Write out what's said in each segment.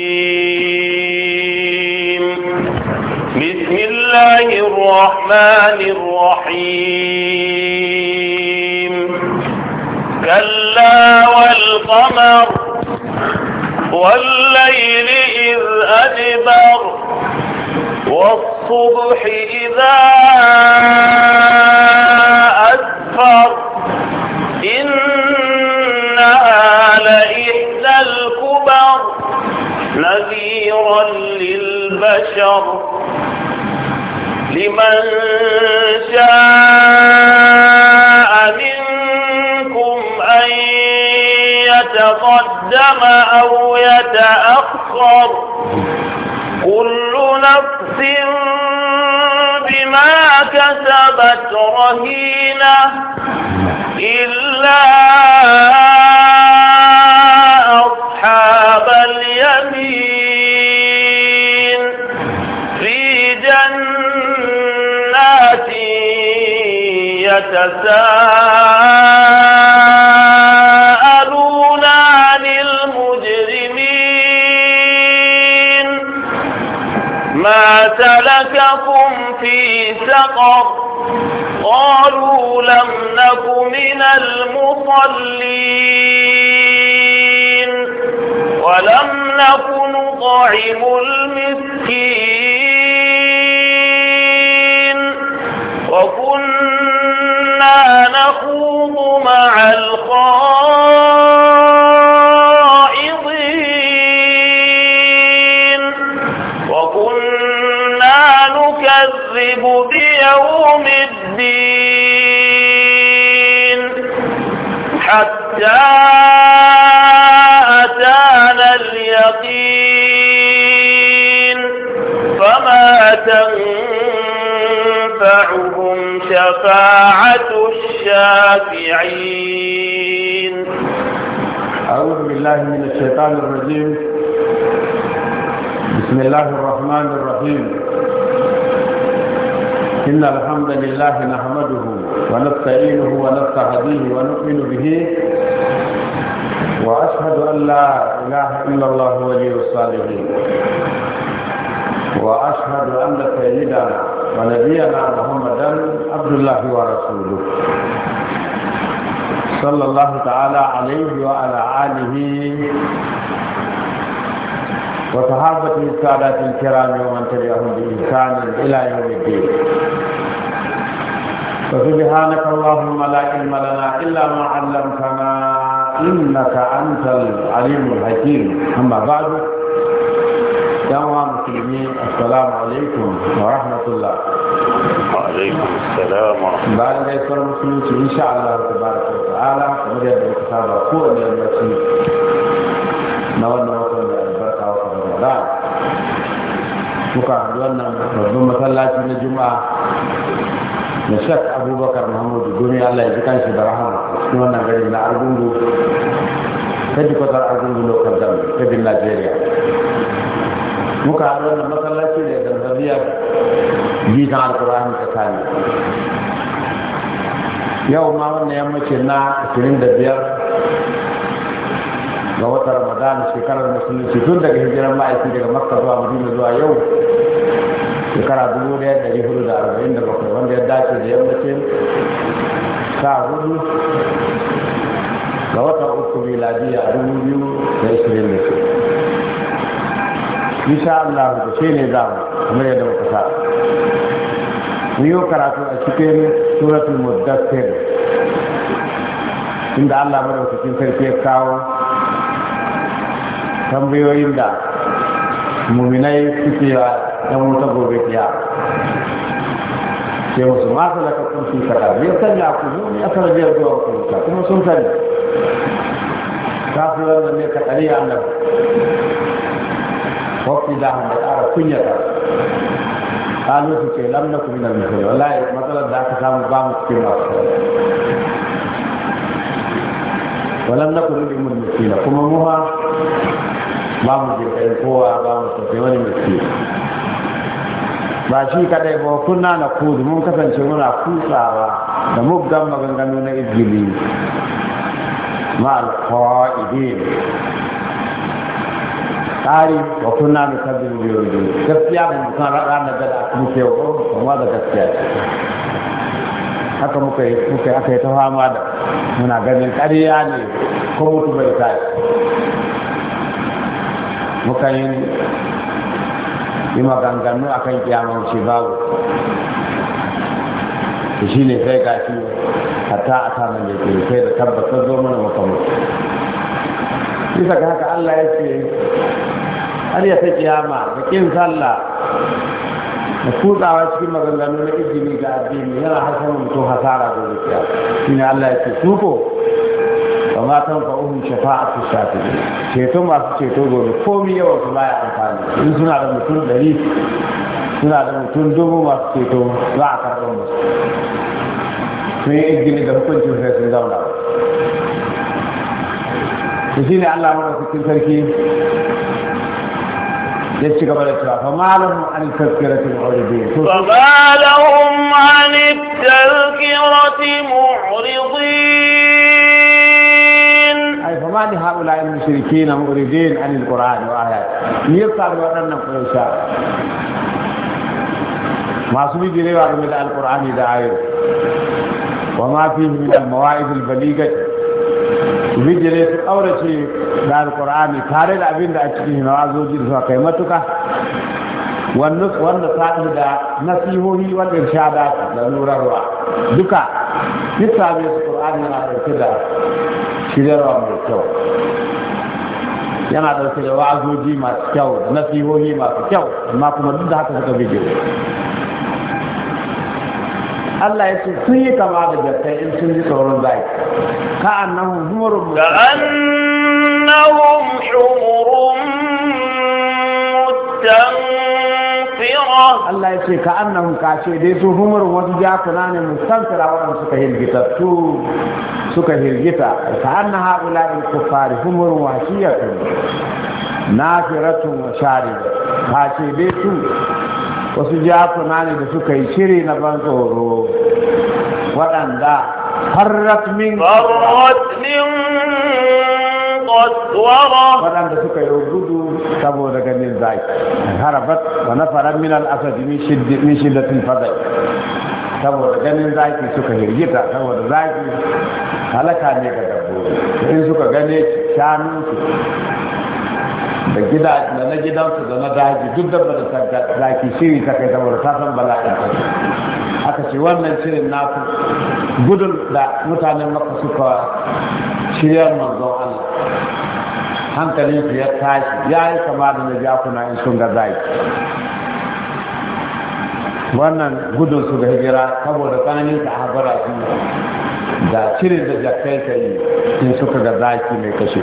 الرجيم بسم الله الرحمن الرحيم كلا والقمر والليل إذ أدبر والصبح إذا نذيرا للبشر لمن شاء منكم أن يتقدم أو يتأخر كل نفس بما كسبت رهينة إلا أصحاب اليمين في جنات يتساءلون عن المجرمين ما سلككم في سقر قالوا لم نك من المصلين ولم نك نطعم المسكين وكنا نخوض مع الخائضين وكنا نكذب بيوم الدين حتى تنفعهم شفاعة الشافعين أعوذ بالله من الشيطان الرجيم بسم الله الرحمن الرحيم إن الحمد لله نحمده ونستعينه ونستهديه ونؤمن به وأشهد أن لا إله إلا الله ولي الصالحين وأشهد أن سيدنا ونبينا محمدا عبد الله ورسوله صلى الله تعالى عليه وعلى آله وصحابته السادات الكرام ومن تبعهم بإحسان إلى يوم الدين وسبحانك اللهم لا علم لنا إلا ما علمتنا إنك أنت العليم الحكيم أما بعد assalamu alaikum wa rahmatullah wa alaikum assalam bayan gaisuwar musulunci insha Allah ta baraka wa ta'ala kamar yadda muka saba kowane yammaci na wannan watan da albarka muka wannan babban masallaci na juma'a da shek abubakar mahmudu gumi allah ya ji kanshi da rahama cikin wannan gari na argungu ta jikotar argungu najeriya muka haɗu wannan masallaci da zanzaniya bitan alkur'ani kari yau ma wannan yammaci na 25 ga watan ramadan shekarar musulunci tun daga hijiran ma'aiki daga makka zuwa madina zuwa yau shekara 1447 wanda ya dace da yammacin sa hudu ga watan uku miladiya 2026 insha Allah da shi ne za mu kamar yadda muka sa mu yi karatu a cikin suratul muddassir inda Allah madaukakin sarki ya kawo tambayoyin da muminai suke wa yan wuta gobe kiya sai musu masu da kakun sun kada me sanya ku mu ne asar biyar zuwa ku kuma sun sani kafin wannan ne ka tsari annabi bokki daam da ara kunyata alu ci ke lam nako minal mi xoy wallahi matala da ka sam baam ci ma walam nako ni mun mi ci la kuma mu ha baam ci ke ko wa baam ci ke wani mi ci ba shi ka dai bo kunna na ku mu ka san ci muna ku sawa da mu gamma gangano na ibili ma al qaidin kari wa kunna mu kadin biyo gaskiya mun san ranar da aka ce ko kuma da gaskiya haka muka yi muka aka yi ta fama da muna ganin ƙarya ne ko mutu bai kai muka yi yi maganganu a kan kiyamar shi babu da shi ne sai ga shi hatta a samun da ke sai da tabbatar zo mana makamu bisa ga haka Allah ya ce har ya ta kiyama da kin sallah da kutsawa cikin maganganu na izini ga addini yana hasan mutum hasara da zuciya shi ne Allah ya ce su ko ba ma tan fa umu shafa'atu shafi ceto masu ceto gobe komai yawan su ya amfani in suna da mutum ɗari suna da mutum dubu masu ceto za a karɓar musu sun yi izini da hukuncin sai sun zauna to ne Allah mana cikin sarki يتشك بالإسراء فما لهم عن التذكرة معرضين فما لهم عن التذكرة معرضين أي فما لهؤلاء المشركين معرضين عن القرآن وآيات وآياته يقال وأننا قرشا ما سوي جريوا من القرآن إذا آيته وما فيه من المواعظ البليغة su su ƙaurace da alkur'ani tare da abin da a cikin nawazoji da suka kai matuka wanda sa'i da nasihohi wanda irshada da nurarwa duka bisa mai su ƙur'ani yana ɗauke da shiryarwa mai kyau yana ɗauke da wa'azoji masu kyau da nasihohi masu kyau amma kuma duk da haka suka bijire الله يسوي كمان جت يسوي تورن باي كأنهم حمر كأنهم حمر مستنفرة الله يسوي كأنهم كاشي ديسو حمر وديا كنان مستنفرة وانا سكهيل جت تو سكهيل جت كأن هؤلاء الكفار حمر وحشية نافرة وشاربة كاشي ديسو wasu jakuna ne da suka yi shiri na ban tsoro waɗanda farrat min waɗanda suka yi gudu saboda ganin zaki harabat wa nafarar min al'asadi min shiddatin fadai saboda ganin zaki suka hirgita saboda zaki halaka ne ga dabbobi in suka gane shanunsu da gida da na gidansu da na daji duk ba da zaki shiri ta kai saboda ta san bala'in aka ce wannan shirin naku gudun da mutanen maka suka shiryar manzo Allah su ya tashi ya yi kama da na jakuna in sun ga zaki wannan gudun su ga hijira saboda tsananin ta habara su da shirin da jakai ka yi in suka ga zaki mai kashe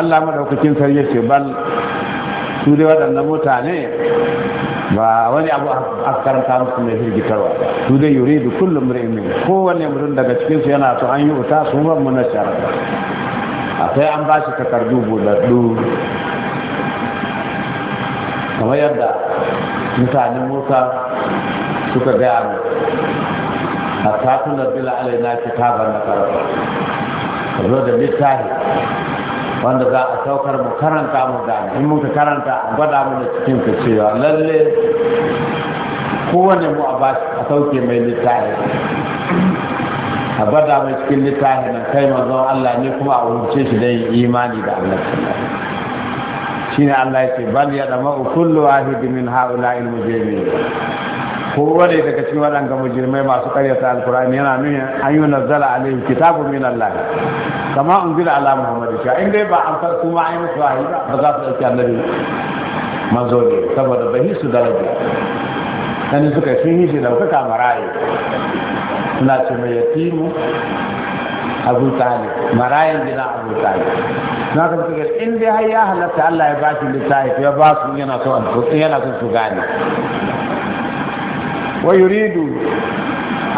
Allah madaukakin sarki ce bal su dai waɗannan mutane ba wani abu a karanta musu mai firgitarwa ba su dai yuri da kullum rimin kowane mutum daga cikinsu yana so an yi wuta su ban mu na sharaɗa akwai an ba shi takardu buɗaɗɗu kamar yadda mutanen musa suka gaya mu a na bila alaina kitaban na karfa zo da littafi wanda za a saukar mu karanta mu gane in muka karanta a gwada mu da cikin ka cewa lalle kowane mu a a sauke mai littafi a gwada mai cikin littafi na kai manzon Allah ne kuma a wuce shi don imani da Allah shi ne Allah ya ce bal ya dama kullu wahid min haula'il mujrimin kowane daga cikin waɗanda mujirmai masu karyata alkurani yana nuna an yi nazzala alayhi kitabu min Allah kama zira ala muhammadu shi in dai ba an farko ma a yi musu wahayi ba ba za su ɗauki annabi mazo ne saboda bai su daraja dan suka sun yi shi ɗaukaka maraye suna ce mai yatimu abu tali maraye gina abu tali na ka suka in dai har ya halatta Allah ya ba shi littafi ya ba su yana yana so su gane ويريد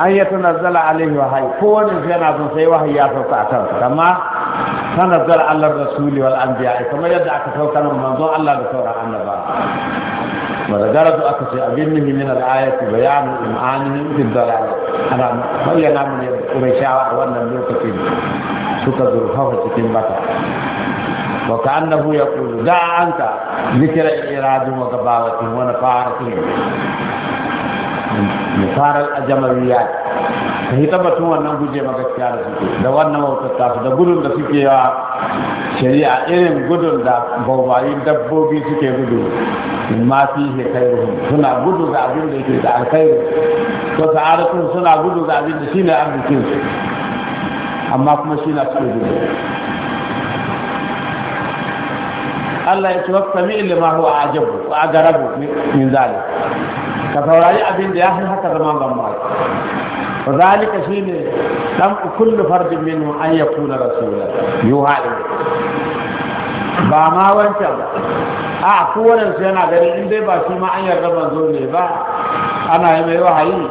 أن يتنزل عليه وحي فوان زينا تنسي وحي يا تتعتم كما تنزل على الرسول والأنبياء كما يدعى كتوكا من منظور الله لتورا عن نبار ورجالت أكسي أبينه من الآية بيان الإمعانه في الضلال أنا مؤيا نعمل أميشاء وأنا ملوك في سوطة الرحوة تكين بطا وكأنه يقول دع عنك ذكر إرادهم وقباوتهم ونفارتهم mu fara ajamariya ta yi tabbatun wannan guje magaskiya da suke da wannan wautar su da gudun da suke yawa shari'a irin gudun da baubayin dabbobi suke gudu ma fi kai kairu suna gudu ga abin da yake da alkairu ko sa'adatun suna gudu ga abin da shine arzikin su amma kuma shi na suke gudu Allah ya ce wasu sami ilima huwa a ajabu a garabu min zali ka saurari abin da ya fi haka zama ban ma fa zalika shine dan kullu fardin minhu an yakuna rasula yuha ba ma wancan a kowane su yana gani in dai ba shi ma an yarda manzo ne ba ana yi mai wahayi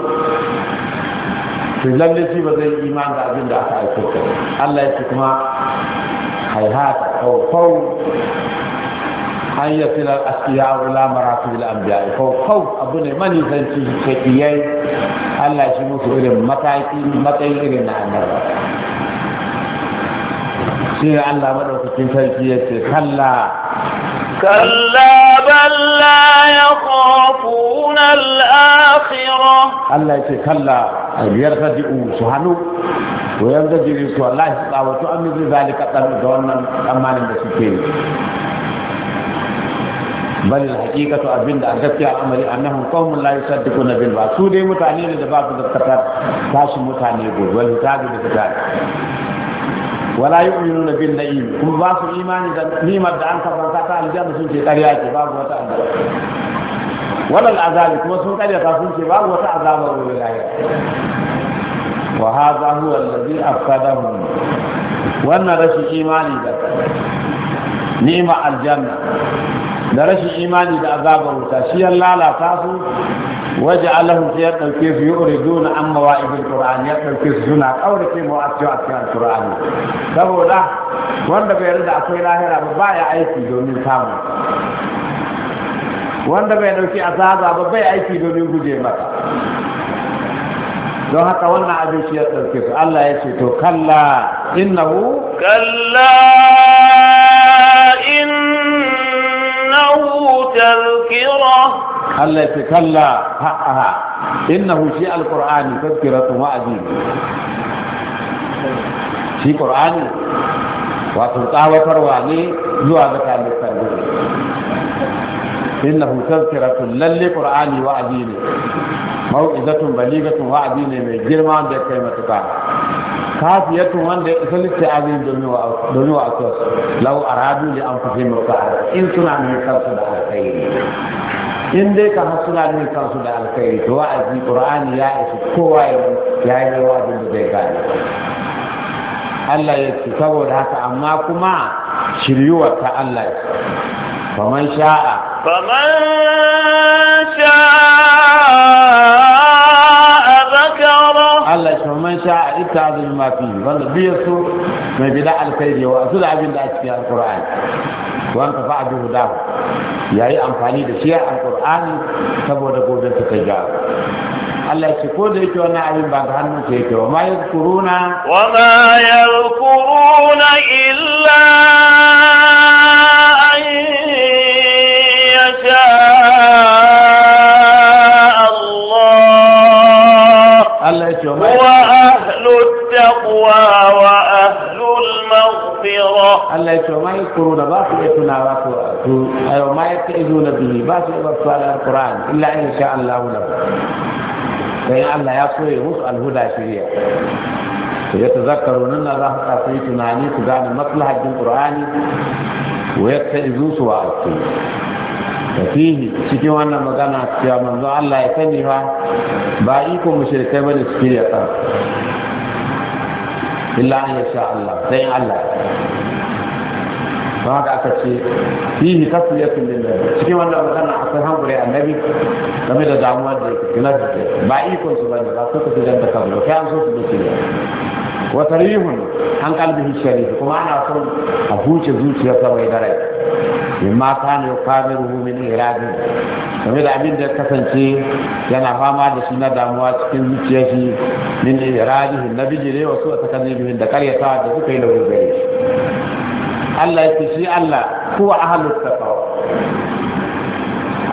to lalle shi ba zai iman da abin da aka aiko Allah ya ce kuma haihata kawai an ya fi asiya wula maratu da ambiya kaukau abu ne mani zanci shakiyai allah shi musu irin mataki matsayin irin na annaba shi ne allah maɗaukakin sarki ya ce kalla kalla bal la yakhafun al-akhirah allah ya ce kalla biyar sadi'u su hannu wayan da jiri su wallahi su tsawatu an yi zalika dan da wannan tsammanin da suke yi bal haqiqatu abinda a gaskiya al'amari annahum qaumun la yusaddiquna bil ba su dai mutane ne da ba su gaskata tashi mutane gobe wal hitabi da kitabi wala yu'minuna bin na'im kuma ba su imani da nimar da an kafanta ta aljanna sun ce ƙarya ce babu wata aljanna walal azabi kuma sun ƙarya ta sun ce babu wata azaba wurin lahira wa hadha huwa alladhi afsadahum wannan rashin imani da ni'ima aljanna da rashin imani da azabar wuta shi ya lalata su waje allahu ya ɗauke su yi uridu na an mawa ibin ƙura'an ya ɗauke su suna ƙaurace mawa a cewa cikin alƙura'an saboda wanda bai yarda akwai lahira ba ba ya aiki domin samu wanda bai ɗauki azaba ba bai aiki domin guje mata don haka wannan abin shi ya ɗauke su allah ya ce to kalla innahu kalla فإنه تذكرة الله يتكلى حقها إنه شيء القرآن تذكرة وأدين شيء قرآن وتلقى وترواني زوا بكام التنبيه إنه تذكرة للي قرآن وأدين موعظة بليغة وأدين من جرمان بكلمة قرآن khafiyatun wanda ya isa litta'azin domin wa asos lau aradu li an fusi mutsa'a in suna nuna kansu da alkhairi in dai ka har suna nuna kansu da alkhairi to wa'azi qur'ani ya isa kowa ya yi mai da zai gane Allah ya ce saboda haka amma kuma shiryuwar ta Allah ya faman Allah shi man sha a ita azul ma fi wanda biyar su mai bida alkhairi wa su da abin da a cikin alqur'ani wan ka fa'adu hudahu yayi amfani da shi alqur'ani saboda gobe ta kai ga Allah shi ko da yake wannan abin ba ga hannun sa yake wa ma yadkuruna wa ma yadkuruna illa Allah ya ce ma yakuru da ba su iya ayo ma bihi ba su iya illa in sha Allah Allah ya koye musu alhuda shiriya to ya nan za su yi tunani su gane maslahar din qur'ani wa su wa fihi cikin wannan magana cewa manzo Allah ya sani fa ba iko mushrikai bane su illa an yasha Allah sai Allah don haka aka ce fihi tasliyatun lillah cikin wannan magana akwai hankuri annabi game da damuwa da yake kina ba ikon su bane ba suka su da kabu kai an so su dace wa tarihun an kalbi sharif kuma ana son a huce zuciya ta mai darai mimma kana yukamiru min iradi game da abin da kasance yana fama da shi na damuwa cikin zuciyar shi min iradi na bijire wasu a takalmi da karyata da suka yi da gobe Allah ya ce shi Allah huwa ahlus taqwa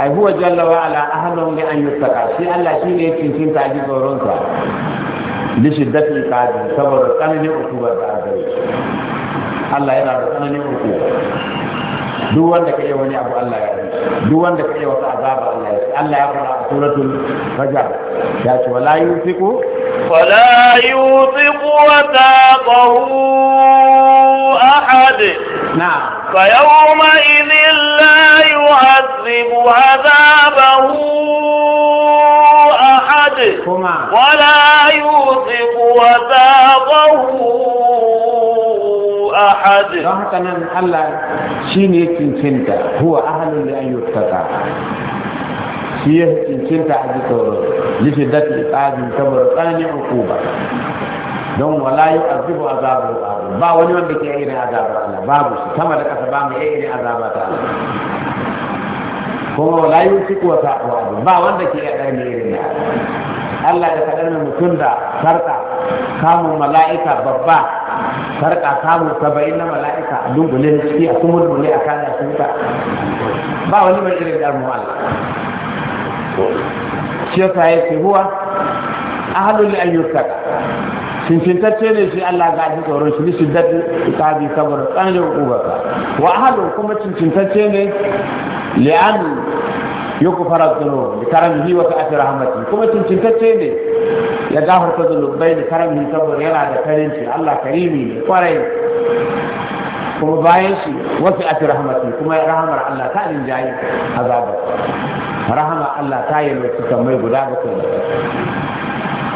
ai huwa jalla wa ala ahlun li an yuttaqa shi Allah shi ne yake cin ta ji tsoron sa bi shiddati qadi saboda tsananin ukubar da aka yi Allah yana da ne ukubar duk wanda ka yi wani abu Allah ya yi duk wanda ka yi wata azaba Allah ya yi Allah ya fara a suratul rajab ya ce wala yusiku wala yusiku wa taqahu ahad na'am فيومئذ لا يعذب عذابه أحد ولا يوثق وثاقه أحد رحمة الله شين يتنسنت da أهل لأن يتقى shi ya cincinta a ji tsoro lifi dati tsajin saboda tsananin hukuma don wala yi azibu azabu ba wani wanda ke irin azabu Allah babu shi sama da kasa ba mu a irin a ta Allah kuma wala yi shi kuwa sa'o ba wanda ke iya irin irin Allah ya faɗa kaɗar mutum da sarƙa samun mala'ika babba sarƙa samun saba'in na mala'ika a na ciki a kuma dungule a kada shi ta ba wani mai irin dar mu'al shi yasa ya ce huwa yi ayyuka fifintacce ne shi Allah ga ji tsoron shi shi ta bi saboda tsananin ubarsa wa ahalu kuma cincintacce ne le'anu. يغفر الذنوب لكرمه وسعة رحمته كما تنتكتشي ne ya gafarta zunubai da karami saboda yana da karinci Allah karimi ne kwarai kuma bayan shi wasu a rahmati kuma rahamar Allah ta rinjaye azabar rahama Allah ta yi mai mai guda bakwai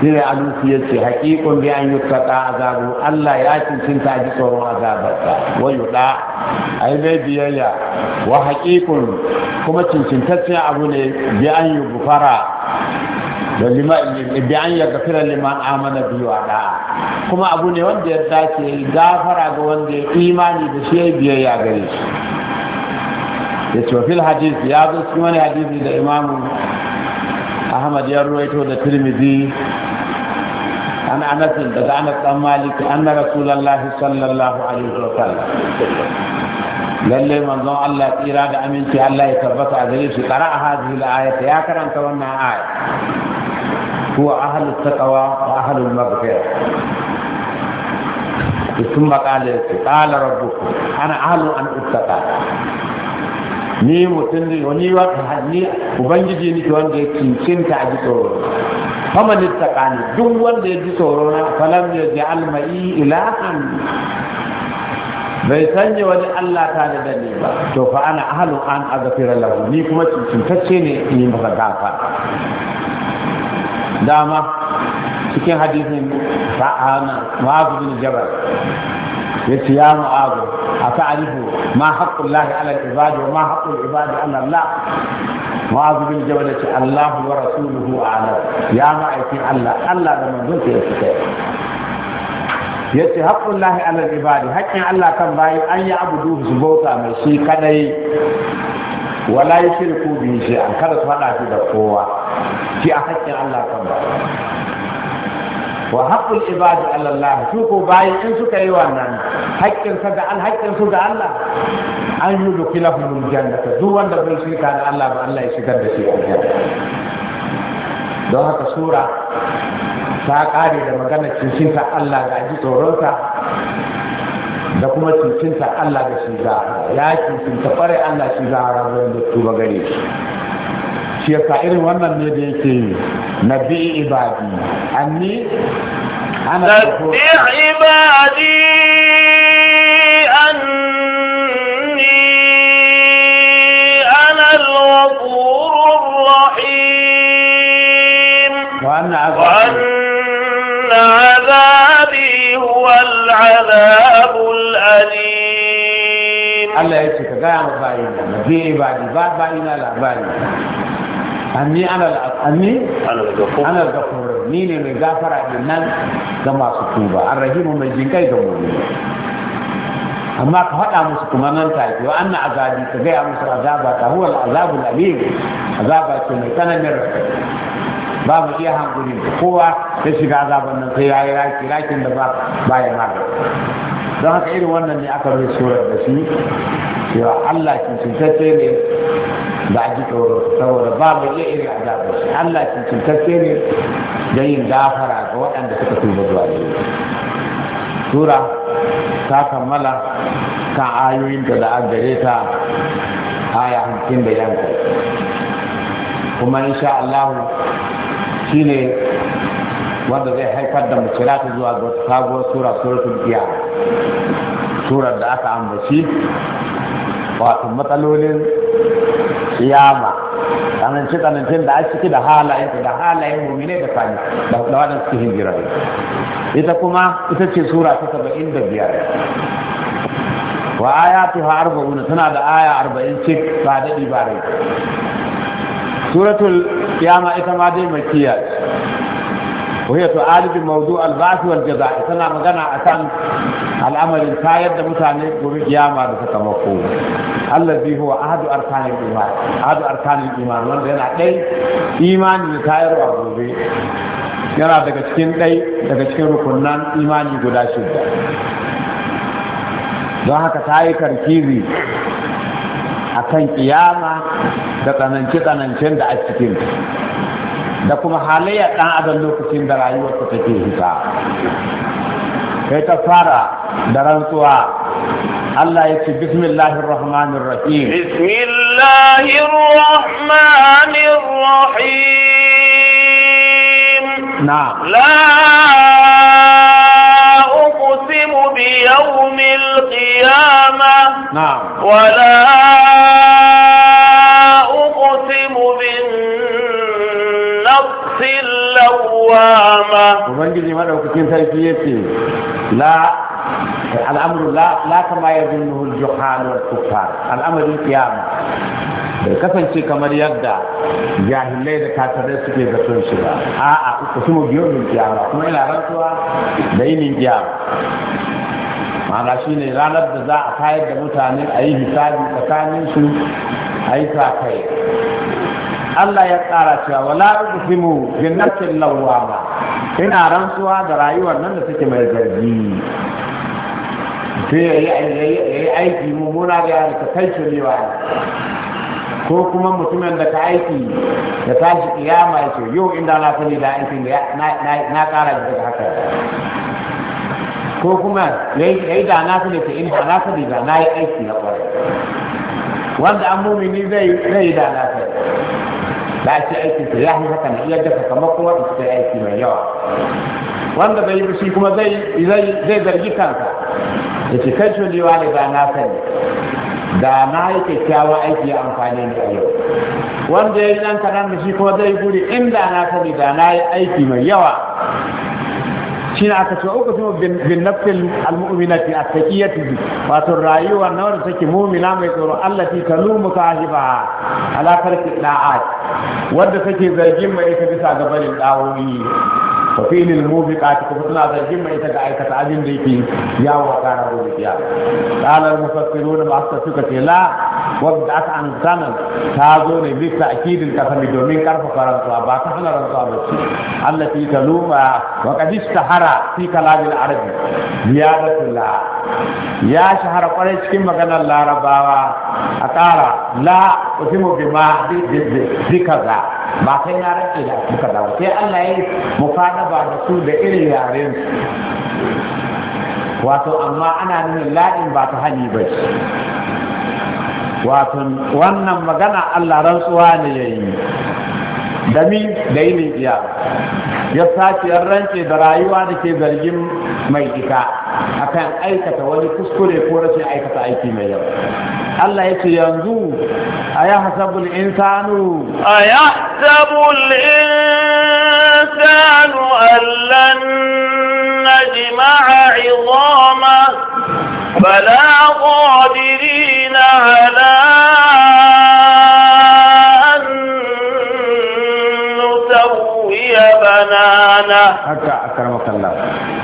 shine alusi yace haƙiƙon bi an a azabu Allah ya cincinta ta ji tsoron azabarsa Wai yuɗa ai bai biyayya wa haƙiƙon kuma cincintaccen abu ne bi an gufara da lima bi an yaghfira liman amana bi wa da kuma abu ne wanda ya dace gafara ga wanda ya imani da shi biyayya gare shi yace fil hadith ya zo cikin wani hadisi da imamu Ahmad ya ruwaito da Tirmidhi عن أنس بن أنس بن مالك أن رسول الله صلى الله عليه lalle manzon Allah tsira da aminci Allah ya tabbata a gare shi qara hadhihi al-ayata ya karanta wannan aya huwa ahlus taqwa wa ahlul maghfirah ثم قال قال ربكم انا اهل ان اتقى ni mutum ne wani wa ni ubangiji ni to wanda ya cincinta a ji faman ittaqani duk wanda ya ji tsoro na falam ya ji bai sanya wani Allah ta da dani ba to fa ana ahlu an azafira lahu ni kuma cintacce ne ni ba gafa dama cikin hadisin sa'ana ma'azu bin jabal yace ya mu'azu ata'rifu ma haqqul lahi 'ala al-ibad wa ma haqqul ibad 'ala Allah mu'azu bin jabal yace Allah wa rasuluhu a'lam ya ma'aikin Allah Allah da kai yace haqqul lahi alal al haƙƙin Allah kan bayi an ya abudu su bauta mai shi kadai wala yushriku shi an kada su haɗa shi da kowa shi a haƙƙin Allah kan bayi wa haqqul ibadu ala Allah su ko in suka yi wannan haƙƙin sa da alhaƙin su da Allah an yi dukulahum jannata duk wanda bai shirka da Allah ba Allah ya shigar da shi aljanna don haka sura ta ƙare da magana cincinta Allah ga ji tsoronsa da kuma cincinta Allah ga shi za ya cikin ta Allah shi za a rabu da tuba gare shi shi yasa irin wannan ne da yake nabi ibadi anni ana nabi ibadi anni ana al-ghafurur rahim wa anna azabi huwa al-azabul alim Allah ya ce ka gaya ma bayi na je ibadi ba bayi na labari anni ana gafur ni ne mai gafara din nan ga masu tuba arrahimu mai kai ga mu amma ka faɗa musu kuma nan ta take wa anna azabi ka gaya musu azaba ta huwa azabul alim azaba ce mai tsananin ba mu iya hankuri kowa ya shiga azaban nan sai ya yi raki rakin da ba ya haka don haka irin wannan ne aka rufe surar da shi cewa Allah cincintacce ne ba a ji tsoro saboda ba mu iya irin azabar shi Allah cincintacce ne don yin gafara ga waɗanda suka tuba zuwa da Sura ta kammala kan ayoyinta da an gare ta aya hamsin da yanka kuma insha Allah ne wanda zai haifar da mushkilatu zuwa ga wata sabuwar sura suratul biya surar da aka ambaci wato matsalolin siyama tsananci tsanancin da ake da halayen da halayen ne da sani da waɗanda suke hijira ita kuma ita ce sura ta saba'in da biyar wa ayatu ha arba'una tana da aya arba'in cik ba daɗi ba rai suratul iyama ita ma dai mai kiyar wahiyar su alibi mawudu albasuwar jaza tana magana a kan al'amarin tayar da mutane guri kiyama da suka mako Allah bi huwa ahadu arkanin iman ahadu arkanin iman wanda yana ɗai imani da tayar wa gobe yana daga cikin ɗai daga cikin rukunan imani guda shida don haka ta yi karkizi akan kiyama da tsananci-tsanancin da a cikin da kuma halayyar ɗan adam lokacin da ta take hita kai ta fara da rantsuwa Allah ya ce bismillahir rahmanir rahim bismillahir rahmanir rahim na la uqsimu bi yawmil qiyamah القيامة نعم ولا أقسم بالنفس اللوامة وبنجي ما لو كنت تركيتي لا الأمر لا لا كما يظنه الجحال والكفار الأمر القيامة bai kasance kamar yadda jahilai da kafirai suke zaton shi ba a'a ku su mu biyo min kiyama kuma ina rantsuwa da yinin kiyama mana shi ne ranar da za a kayar da mutane a yi hisabi tsakanin su a yi kai Allah ya tsara cewa wala uqsimu bin nafsil lawwama ina rantsuwa da rayuwar nan da take mai zargi sai ya yi aiki mummuna ga yana ka kai shirewa ko kuma mutumin da ka aiki da tashi kiyama ya ce yau inda na sani da aikin na kara da haka ko kuma ya yi da na ne ta inda na ne ba na yi aiki na kwarai wanda an mumini zai yi da na su ba shi aiki su ya haka na iya dafa kamar kowa da suka aiki mai yawa wanda bai yi shi kuma zai zargi kansa da ce kai liwa ne ba na sani da na yi kyakkyawan aiki ya amfani da yau wanda ya yi nan kaɗan da shi kuma zai guri inda na sani da na yi aiki mai yawa shine aka ce uku su bin nafsil almu'minati attaqiyati wato rayuwa na wanda take mu'mina mai tsoro Allah ta talumu sahiba ala tarki da'at wanda take zargin mai ita bisa gabanin dawoyi wa filil mubiqati kuma suna zargin ma ita ga aikata abin da yake yawo a kana gobe kiya qala al mufassirun ma asta suka ce la wadda aka an kana ta zo ne bi ta'kidin kasami domin karfafa rantsuwa ba ta hana rantsuwa ba ce allati taluma wa qad istahara fi kalam al arabi ziyadatul la ya shahara kwarai cikin maganar larabawa a ƙara la usimu bima bi kaza ba kai na rake da suka dawo sai Allah ya yi ba da su da irin yaren wato amma ana nuna la'in ba ta hani ba wato wannan magana Allah rantsuwa ne ya yi dami da yi iya ya sace yan rance da rayuwa da ke zargin mai ita akan aikata wani kuskure ko rashin aikata aiki mai yau Allah ya ce yanzu a ya hasabul insanu a ya hasabul insanu allan najma'a izama bala qadirina ala an nusawwiya banana haka akarmakallah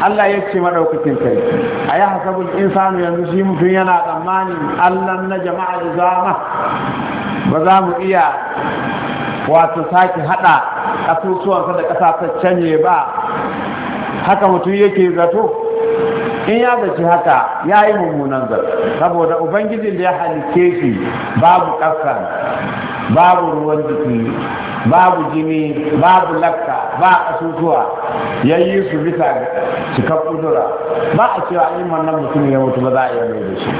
Allah ya ce madaukakin kai a yi in insanu yanzu shi mutum yana tsammanin Allah na jama'a da zama ba za mu iya wato sake hada ƙasusuwansa da ƙasa canye ba haka mutum yake zato in ya zaci haka ya yi mummunan zato saboda ubangijin da ya halicce shi babu ƙasa babu ruwan jiki babu jini babu lakka ba asusuwa ya yi su bisa cika kudura ba a cewa in wannan mutum ya mutu ba za a iya mai da shi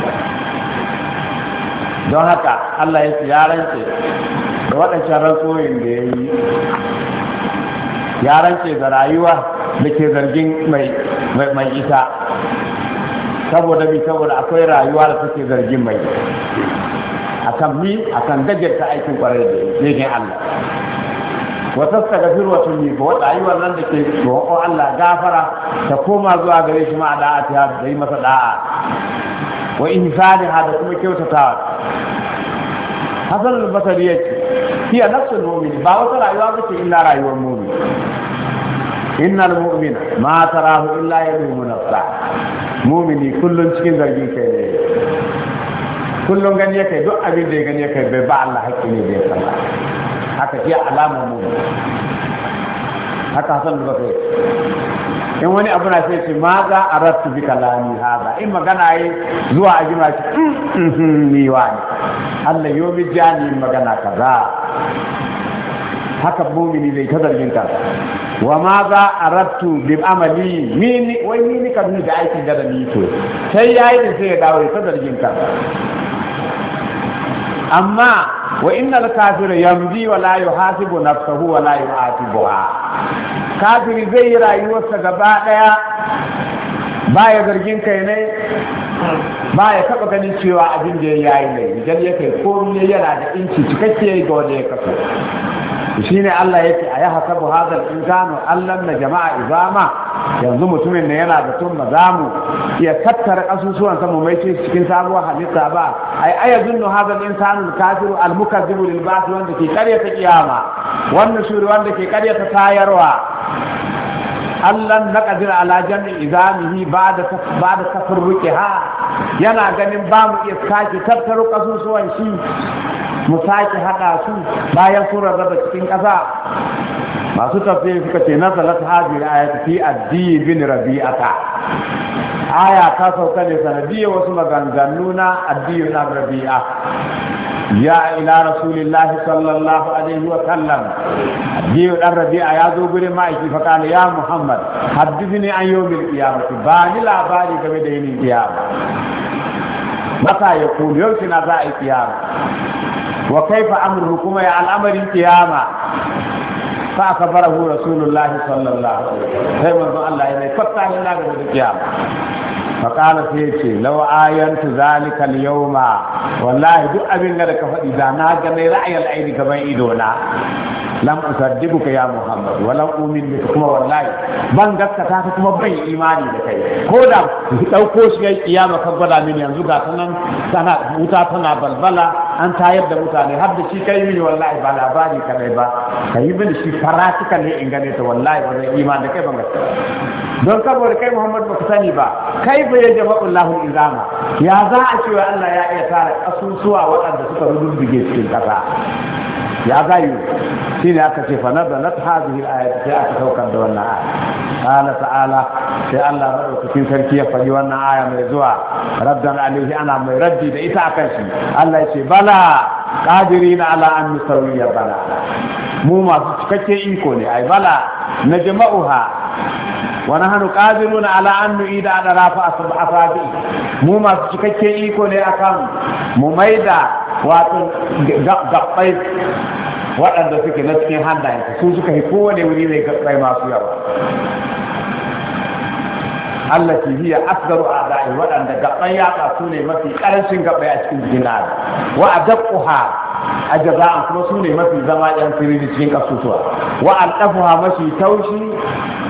don haka allah ya ya rance da waɗancan rantsoyin da ya yi ya rance da rayuwa da ke zargin mai ita saboda bi saboda akwai rayuwa da take zargin mai akan mi akan gajarta aikin kwarai da yake Allah wa tastaghfir wa tuni ko wata ayi wannan da ke roƙo Allah gafara ta koma zuwa gare shi ma da'a ta da yi masa da'a wa ihsani hada kuma kyautata. hasan al-basri yake hiya mu'min ba wata rayuwa bace illa rayuwar mu'min al mu'mina ma tarahu illa yadmu nafsa mu'mini kullun cikin zargin kai ne kullum gani ya kai duk abin da ya gani ya kai bai ba Allah haƙƙi ne da ya san haka fiye alamun mu haka hasan da kai in wani abu na sai ce ma za a rattu bi kalami haza in magana yi zuwa a jima ce mm, mm, mm, ni wani Allah yau bi jani magana kaza haka mumini zai ta zargin wa ma za a rattu bi amali mini wai mini ka da aikin da da ni to sai yayi da sai ya dawo ta zargin ka amma wa innal kafira yamdi wa la yuhasibu nafsahu wa la yuhasibuha Kafir zai yi rayuwarsa gaba daya baya zargin kai ne baya taba ganin cewa abin da yayi ne idan yake ko komai yana da inci cikakke ga wanda ya kaso shi ne Allah ya ce a yi hasabu hadar insanu allan na jama'a izama yanzu mutumin da yana da tun mu, ya tattara ƙasusuwan sa mai ce cikin sabuwar halitta ba ai aya zunnu hadar insanu kafiru almukazzibu lil ba'th wanda ke ta kiyama wannan shuri wanda ke karyata tayarwa allan na ƙadir ala jami'i izamihi ba da tafurruki ha yana ganin ba mu iya sake tattaro kasusuwan shi mu sake haɗa su bayan sun rarraba cikin ƙasa masu tafiye suka ce na salat hajjiri a fi addini bin rabi'ata aya ta sauka ne sanadiyya wasu maganganu na addini na rabi'a ya ila rasulillahi sallallahu alaihi wa sallam addini dan rabi'a ya zo gurin ma'aiki fa ya muhammad muhammad ne an yawmil qiyamati ba ni labari game da yinin qiyama mata ya kulu yau za a yi qiyama wa kaifa amru kuma ya al'amarin qiyama fa akbarahu rasulullahi sallallahu alaihi wasallam sai manzo Allah ya mai fatta ni na da qiyama faƙala sai ce lawa ayantu zalika al-yawma wallahi duk abin da ka faɗi da na ga ra'ayin aini gaban idona lam usaddiquka ya muhammad wa lam umin bi kuma wallahi ban ta ka kuma bai imani da kai ko da dauko shi yayi kiyama ka gwada min yanzu ga sanan sana wuta tana balbala an tayar da mutane har da shi kai mini wallahi ba labari kadai ba kai bin shi faratika ne in gane ta wallahi ba imani da kai ban gaska don saboda kai muhammad ba ka sani ba kai ba ya jama'ullahu izama ya za a cewa Allah ya iya tara asusuwa waɗanda suka rububige cikin ƙasa ya gayu shi ne aka ce na fanazalat hadhihi al-ayat sai aka saukar da wannan aya qala ta'ala sai Allah madaukakin sarki ya faɗi wannan aya mai zuwa raddan alaihi ana mai raddi da ita akan shi Allah ya ce bala qadirina ala an nusawiya bala mu masu cikakke iko ne ai bala na jama'uha wa nahnu qadiruna ala an nu'ida ala rafa asabi mu masu cikakke iko ne akan mu maida wato gabbai waɗanda suke na cikin hannayen su suka yi kowane wuri mai gabbai masu yawa Allah ke hiya asgaru a da'i waɗanda gabbai yaƙa su ne mafi ƙarancin gabbai a cikin jinar wa a a jaza'an kuma su ne mafi zama yan firin cikin kasusuwa wa alƙafuwa mafi taushi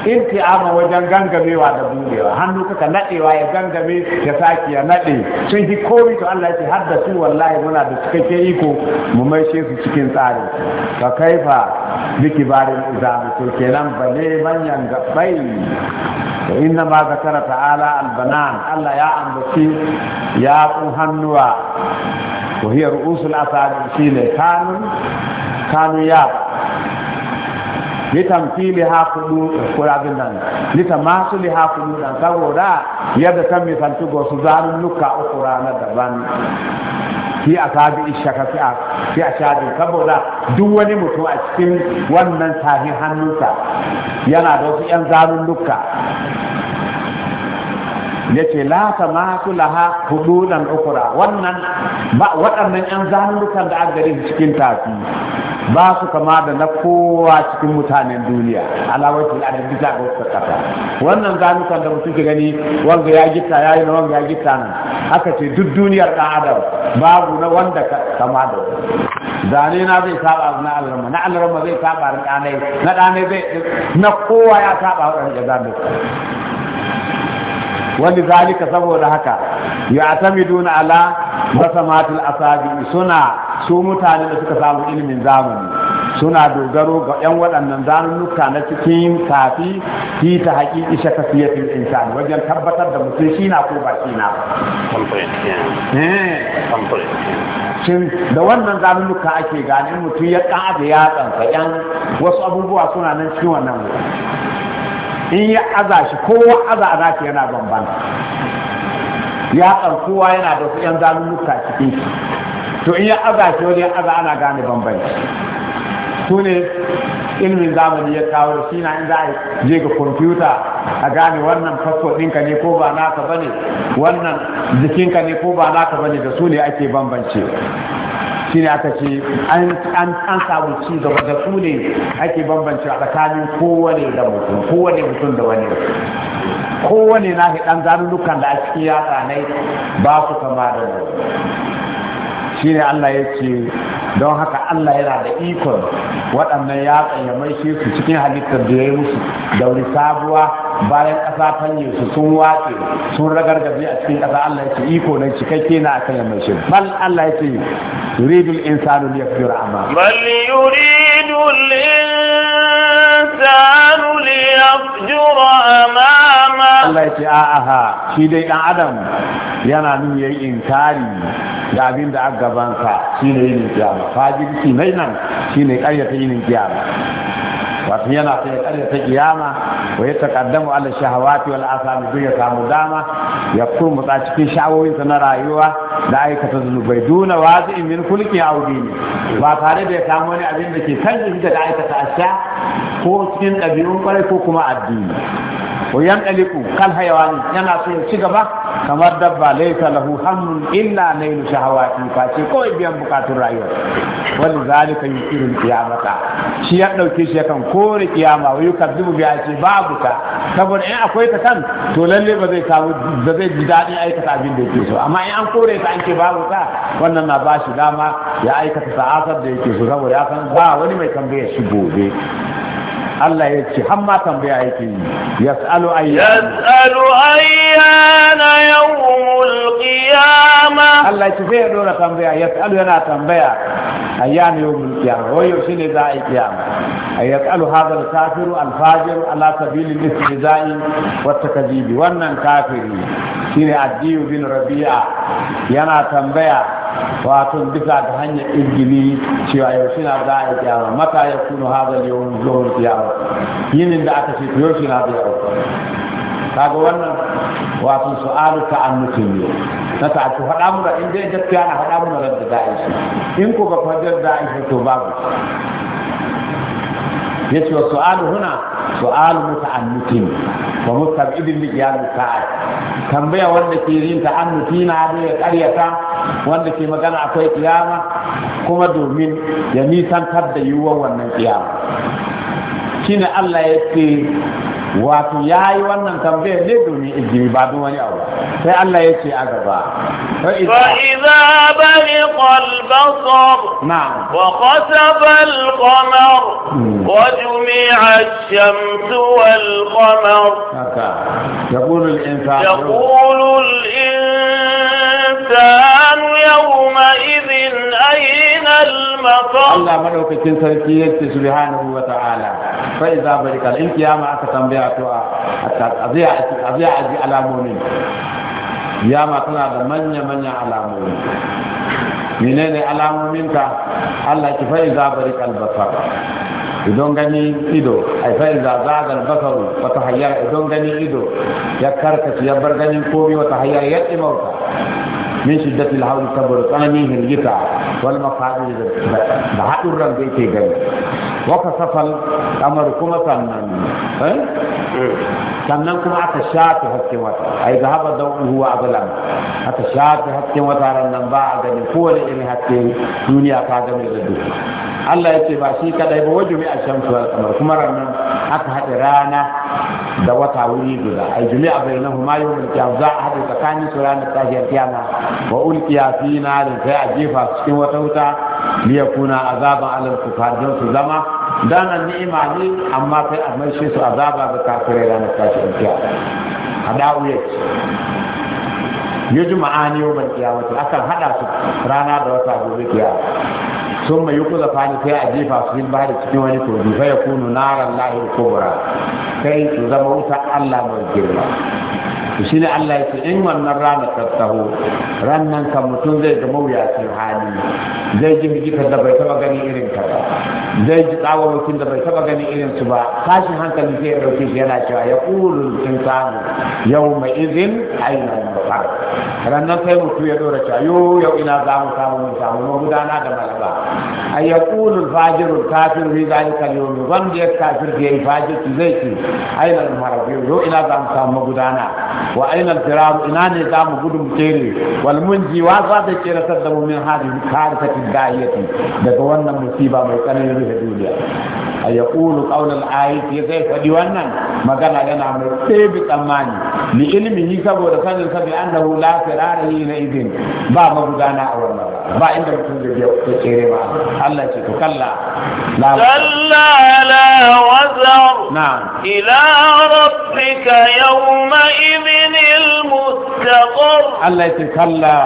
in ama wajen gangamewa da budewa hannu kaka naɗewa ya gangame ya saki ya naɗe sun fi kori to Allah ce har da su wallahi muna da ke iko mu maishe su cikin tsari ka kaifa biki barin izami to kenan ne manyan gabai inna ma zakara ta'ala al al-banan Allah ya ambaci ya kun hannuwa وهي رؤوس الأصابع شيل كانوا كانوا ياب لتمثيلها قلوبنا لتماثلها قلوبنا سورا يد كم تنتقو سزان لك أخرى ندبان fi a sabi shaka fi a fi a saboda duk wani mutum a cikin wannan tahin hannunsa yana da wasu 'yan zanun luka. ya ce la ta masu laha hududan ukura wannan waɗannan ƴan zanurukan da an gari cikin tafi ba su kama da na kowa cikin mutanen duniya alawaci a da bisa ga wasu kasa wannan zanukan da mutum ke gani wanga ya gita ya yi na wanga ya gita nan aka ce duk duniyar ɗan adam babu na wanda kama da zane na zai saba na alrama na alrama zai saba na ɗanai na ɗanai zai na kowa ya saba waɗanda zanukan wani zalika saboda haka ya duna ala basamatul asabi suna su mutane da suka samu ilimin zamani suna dogaro ga yan waɗannan zanunnuka na cikin kafi fi ta haƙiƙi shakasiyatin insan wajen tabbatar da mutum shi na ko ba shi na eh. shin da wannan zanunnuka ake gane mutum ya ƙaɗa yatsansa yan wasu abubuwa suna nan cikin wannan in ya aza shi kowa aza a zafi yana bambam ya kowa yana da su yan zalun cikin shi to in ya aza shi wani ya aza ana gane bambanci su ne ilimin zamani ya kawo shi na in za a je ga kwamfuta a gane wannan fasfot ɗinka ne ko ba naka ba ne, wannan jikinka ne ko ba naka ba ne, da su ne ake bambance shine aka ce an samu ci gaba da su ne ake bambance a tsakanin kowane da mutum kowane mutum da wani kowane na ɗan zanunukan da a cikin yatsa tsanai ba su kama da mu shine Allah ya ce don haka Allah yana da ikon waɗannan yatsa ya maishe su cikin halittar da ya yi musu da wuri sabuwa bayan ƙasa fanye su sun wace sun ragargaje a cikin ƙasa Allah ya ce iko nan cikakke na akan yamma shi bal Allah ya ce yuridul insanu liyakfira amma bal yuridul insanu yafjura amama Allah ya ce a'a shi dai dan adam yana nun inkari da abin da aka gabansa shine yin kiyama shi nai nan shine ta yin kiyama wato yana ta ƙaryata kiyama wa ya taqaddamu ala shahawati wal asami duk ya samu dama ya mutsa cikin sha'awoyinsa na rayuwa da aikata zunubai duna wazi'in min kulki audini ba tare da ya samu wani abin da ke kan da aikata asha ko cikin ɗabi'un ƙwarai ko kuma addini wa yanqaliqu kal hayawan yana so ya ci gaba kamar dabba laysa lahu hammun illa nailu shahawati fa ce kawai biyan bukatun rayuwa wal zalika yukiru qiyamata shi ya dauke shi kan kore kiyama wa yukadzibu bi ce babu ta saboda in akwai ta kan to lalle ba zai samu ba zai ji aikata abin da yake so amma in an kore ta an ce babu ta wannan na ba shi dama ya aikata sa'asar da yake so saboda ya san ba wani mai tambayar shi gobe الله يكشي حما تنبيه ايكي يسأل ايان يسأل ايان يوم القيامة kiyama Allah ya zai dora tambaya ya tsalu yana tambaya ayyam yawmul kiyama wai yaushe ne za a yi kiyama ayyalu hadha al kafiru al fajir ala sabili al istizai wa takdibi wannan kafiri shine addiyu bin rabi'a yana tambaya wato bisa ta hanyar ingili cewa yaushe na za a yi kiyama mata ya kunu hadha al yawm zuhur kiyama yinin da aka ce yaushe na za a yi kaga wannan wato su'alu ta an mutum ne na ta ku faɗa mu da in dai gaskiya na faɗa mu da rabbi da'ishi in ko ba fajar da'ishi to babu yace wa su'alu huna su'alu annukin. wa mustabidin li iyali ta'ala tambaya wanda ke yin annuki na da ya karyata wanda ke magana akwai kiyama kuma domin ya nisantar da yiwuwar wannan kiyama kine Allah ya ce wato yayi wannan tambayar ne domin ijiri ba don wani abu sai Allah ya ce a gaba فإذا برق البصر نعم وخسف القمر وجمع الشمس والقمر يقول الإنسان يقول الإنسان الإنسان يومئذ أين المفر الله ملوك كنسر كيرت سبحانه وتعالى فإذا برك الانقيام أكتم بيعتها أضيع على مؤمن يا ما تنا من من على مؤمن menene alamominka Allah ki fai zabari kalbasar idan gani ido ai fai zazagar basaru wata hayyar idan gani ido ya karkace ya bar ganin komi wata hayyar ya ɗimauta من شدة العون كبرت أنا ميه القطع والمقعد بعد الرب بيتي وقصف الأمر كما فنان أه؟ sannan kuma aka shafe hasken wata A ga haɓa da uwa a galan aka shafe hasken wata ran nan ba a gani kowane irin haske duniya ta game da duk Allah ya ce ba shi kadai ba wajen a shamsu kamar kuma ranar aka haɗe rana da wata wuri guda a jumi'a bainahu ma yawmul qiyamah za a haɗe tsakanin su ranar tashiyar kiyama wa ulqiya fi da sai a jefa cikin wata wuta kuna azaban alal kufar don su zama dana ni'ima imani, amma kai a mai shi su azaba ga kafirai ranar tashi intiya a ya ce ya ji ma'ani yau mai kiyamata akan hada su rana da wata gobe kiya sun mai yuku zafa ne kai a jefa su yin bada cikin wani kogi fa ya kunu naran lahir kubra kai su zama wuta allah mai girma shi ne allah ya ce in wannan rana ta rannan kan mutum zai wuya su hali zai ji ka da bai taba gani irin ka zai ji tsawon da bai taba ganin irin su ba tashin hankali zai dauke shi yana cewa ya kulu samu? yau mai izin aina mafar ranar sai mutu ya dora cewa yau yau ina za mu samu mu samu mu gudana da malaba ya kulu fajiru kafir fi zalika al-yawm wanda ya kafir da fajiru zai ce aina al yau ina za mu samu mu gudana wa aina al-firam ina ne za mu gudun kere wal munji wa za ta kira sadda mu min hadin karisa tidayati daga wannan musiba mai tsanani annabi duniya a ya ƙulu ƙaunar ayat ya zai faɗi wannan magana yana mai tsebi tsammani ni ilmihi saboda sanin sabi an da hula firara yi na izin ba magudana a wannan ba inda mutum da biya ko tsere ba Allah ce to kalla la la wazar na ila rabbika yawma idhin al-mustaqar Allah ce kalla